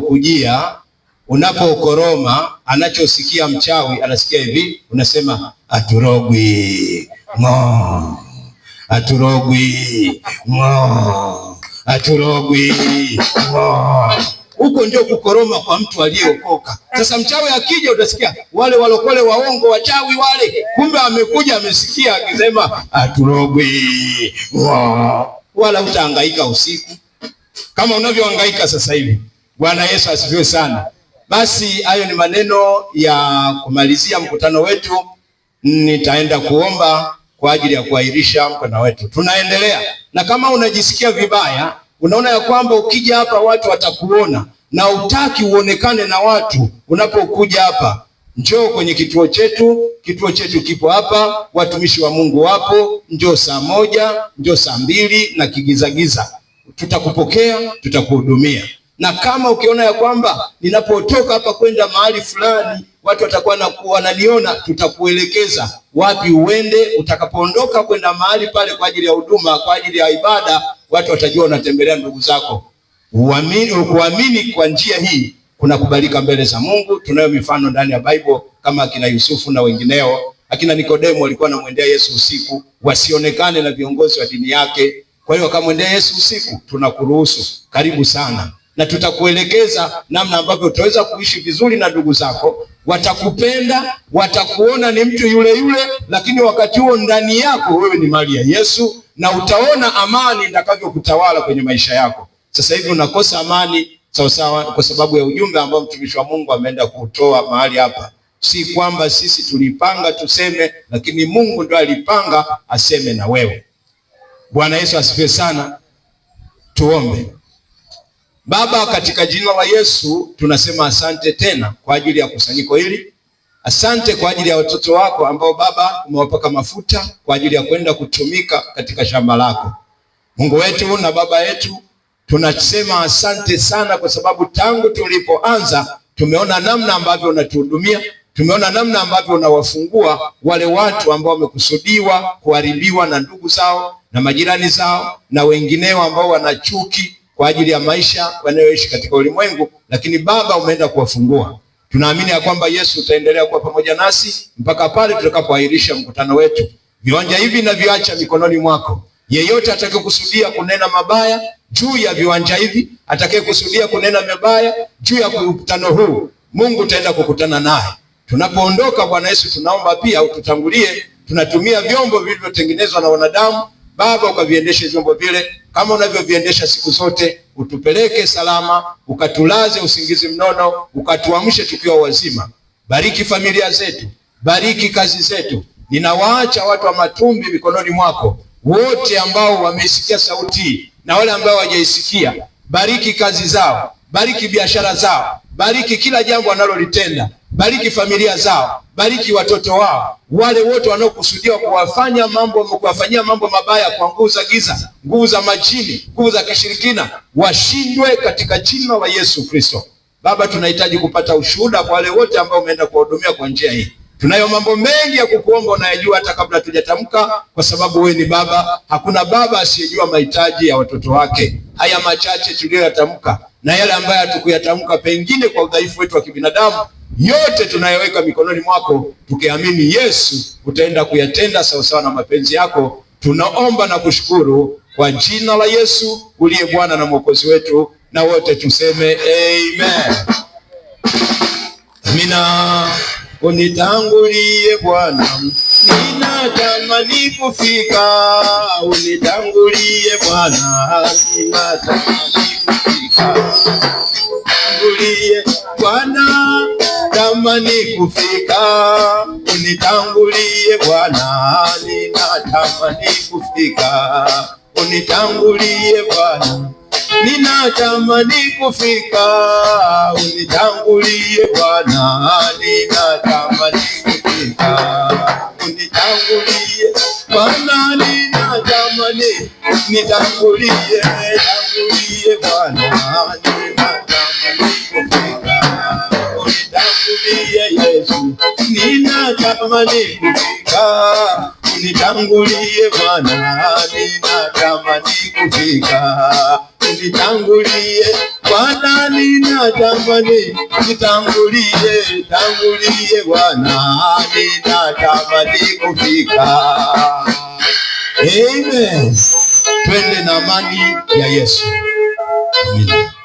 kujia unapokoroma, anachosikia mchawi anasikia hivi, unasema aturogwi mo aturogwi mo aturogwi mo. Huko ndio kukoroma kwa mtu aliyeokoka. Sasa mchawi akija, utasikia wale walokole waongo wachawi wale, kumbe amekuja amesikia akisema aturogwi mo, wala utahangaika usiku kama unavyohangaika sasa hivi. Bwana Yesu asifiwe sana. Basi hayo ni maneno ya kumalizia mkutano wetu. Nitaenda kuomba kwa ajili ya kuahirisha mkutano wetu. Tunaendelea, na kama unajisikia vibaya, unaona ya kwamba ukija hapa watu watakuona na utaki uonekane na watu, unapokuja hapa njoo kwenye kituo chetu. Kituo chetu kipo hapa, watumishi wa Mungu wapo. Njoo saa moja, njoo saa mbili na kigizagiza, tutakupokea tutakuhudumia na kama ukiona ya kwamba ninapotoka hapa kwenda mahali fulani watu watakuwa na wananiona, tutakuelekeza wapi uende. Utakapoondoka kwenda mahali pale kwa ajili ya huduma, kwa ajili ya ibada, watu watajua unatembelea ndugu zako. Uamini, kuamini kwa njia hii kunakubalika mbele za Mungu. Tunayo mifano ndani ya Biblia kama akina Yusufu na wengineo. Akina Nikodemo walikuwa wanamwendea Yesu usiku, wasionekane na viongozi wa dini yake. Kwa hiyo wakamwendea Yesu usiku, tunakuruhusu, karibu sana na tutakuelekeza namna ambavyo utaweza kuishi vizuri na ndugu zako. Watakupenda, watakuona ni mtu yule yule, lakini wakati huo ndani yako wewe ni mali ya Yesu, na utaona amani itakavyokutawala kwenye maisha yako. Sasa hivi unakosa amani sawasawa, kwa sababu ya ujumbe ambao mtumishi wa Mungu ameenda kutoa mahali hapa. Si kwamba sisi tulipanga tuseme, lakini Mungu ndo alipanga aseme na wewe. Bwana Yesu asifiwe sana. Tuombe. Baba, katika jina la Yesu tunasema asante tena kwa ajili ya kusanyiko hili. Asante kwa ajili ya watoto wako ambao Baba umewapaka mafuta kwa ajili ya kwenda kutumika katika shamba lako. Mungu wetu na Baba yetu, tunasema asante sana kwa sababu tangu tulipoanza tumeona namna ambavyo unatuhudumia, tumeona namna ambavyo unawafungua wale watu ambao wamekusudiwa kuharibiwa na ndugu zao na majirani zao na wengineo ambao wana chuki kwa ajili ya maisha wanayoishi katika ulimwengu, lakini Baba umeenda kuwafungua. Tunaamini ya kwamba Yesu utaendelea kuwa pamoja nasi mpaka pale tutakapoahirisha mkutano wetu. Viwanja hivi naviacha mikononi mwako. Yeyote atakayekusudia kunena mabaya juu ya viwanja hivi, atakayekusudia kunena mabaya juu ya mkutano huu, Mungu utaenda kukutana naye tunapoondoka. Bwana Yesu, tunaomba pia ututangulie. Tunatumia vyombo vilivyotengenezwa na wanadamu Baba, ukaviendeshe vyombo vile kama unavyoviendesha siku zote, utupeleke salama, ukatulaze usingizi mnono, ukatuamshe tukiwa wazima. Bariki familia zetu, bariki kazi zetu. Ninawaacha watu wa Matumbi mikononi mwako, wote ambao wameisikia sauti na wale ambao hawajaisikia. Bariki kazi zao, bariki biashara zao, bariki kila jambo analolitenda bariki familia zao, bariki watoto wao, wale wote wanaokusudia kuwafanya mambo, kuwafanyia mambo mabaya kwa nguvu za giza, nguvu za majini, nguvu za kishirikina, washindwe katika jina la Yesu Kristo. Baba, tunahitaji kupata ushuhuda kwa wale wote ambao umeenda kuwahudumia kwa njia hii. Tunayo mambo mengi ya kukuomba, unayajua hata kabla tujatamka, kwa sababu wewe ni Baba. Hakuna baba asiyejua mahitaji ya watoto wake. Haya machache tuliyoyatamka na yale ambayo hatukuyatamka, pengine kwa udhaifu wetu wa kibinadamu yote tunayoweka mikononi mwako, tukiamini Yesu utaenda kuyatenda sawasawa na mapenzi yako. Tunaomba na kushukuru kwa jina la Yesu uliye Bwana na Mwokozi wetu, na wote tuseme amen. Amina. Unitangulie Bwana, ninatamani kufika. Unitangulie Bwana, ninatamani kufika nitangulie Bwana, tamani kufika, unitangulie Bwana, ninatamani kufika, unitangulie Bwana, ninatamani kufika, unitangulie Bwana, ninatamani kufika, unitangulie Bwana, ninatamani, nitangulie Niambie Bwana, unitangulie Yesu, ninatamani kufika. Unitangulie Bwana, ninatamani kufika. Nitangulie Bwana, ninatamani nitangulie, tangulie Bwana, ninatamani kufika. Amen. Twende na amani ya Yesu. 没了。